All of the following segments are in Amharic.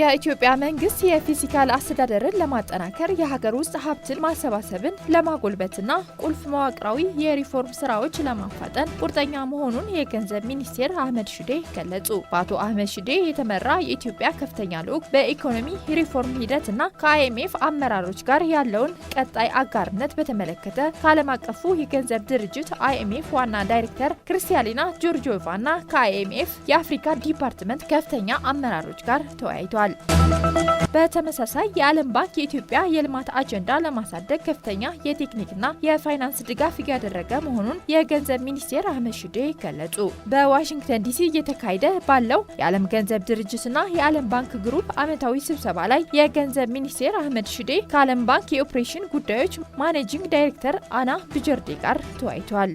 የኢትዮጵያ መንግስት የፊዚካል አስተዳደርን ለማጠናከር የሀገር ውስጥ ሀብትን ማሰባሰብን ለማጎልበትና ቁልፍ መዋቅራዊ የሪፎርም ስራዎች ለማፋጠን ቁርጠኛ መሆኑን የገንዘብ ሚኒስቴር አህመድ ሽዴ ገለጹ። በአቶ አህመድ ሽዴ የተመራ የኢትዮጵያ ከፍተኛ ልዑክ በኢኮኖሚ ሪፎርም ሂደትና ከአይኤምኤፍ አመራሮች ጋር ያለውን ቀጣይ አጋርነት በተመለከተ ከዓለም አቀፉ የገንዘብ ድርጅት አይኤምኤፍ ዋና ዳይሬክተር ክርስቲያሊና ጆርጂዮቫና ከአይኤምኤፍ የአፍሪካ ዲፓርትመንት ከፍተኛ አመራሮች ጋር ተወያይተዋል። Run. በተመሳሳይ የዓለም ባንክ የኢትዮጵያ የልማት አጀንዳ ለማሳደግ ከፍተኛ የቴክኒክና የፋይናንስ ድጋፍ እያደረገ መሆኑን የገንዘብ ሚኒስቴር አህመድ ሽዴ ገለጹ። በዋሽንግተን ዲሲ እየተካሄደ ባለው የዓለም ገንዘብ ድርጅትና የዓለም ባንክ ግሩፕ ዓመታዊ ስብሰባ ላይ የገንዘብ ሚኒስቴር አህመድ ሽዴ ከዓለም ባንክ የኦፕሬሽን ጉዳዮች ማኔጂንግ ዳይሬክተር አና ብጀርዴ ጋር ተወያይቷል።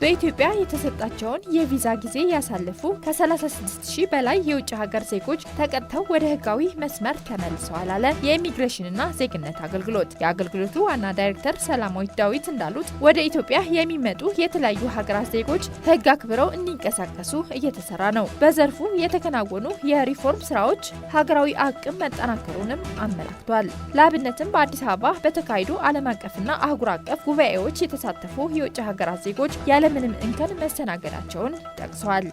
በኢትዮጵያ የተሰጣቸውን የቪዛ ጊዜ ያሳለፉ ከ36 ሺህ በላይ የውጭ ሀገር ዜጎች ተቀጥተው ወደ በህጋዊ መስመር ተመልሰዋል አለ የኢሚግሬሽንና ዜግነት አገልግሎት። የአገልግሎቱ ዋና ዳይሬክተር ሰላማዊት ዳዊት እንዳሉት ወደ ኢትዮጵያ የሚመጡ የተለያዩ ሀገራት ዜጎች ህግ አክብረው እንዲንቀሳቀሱ እየተሰራ ነው። በዘርፉ የተከናወኑ የሪፎርም ስራዎች ሀገራዊ አቅም መጠናከሩንም አመላክቷል። ለአብነትም በአዲስ አበባ በተካሄዱ ዓለም አቀፍና አህጉር አቀፍ ጉባኤዎች የተሳተፉ የውጭ ሀገራት ዜጎች ያለምንም እንከን መስተናገዳቸውን ጠቅሰዋል።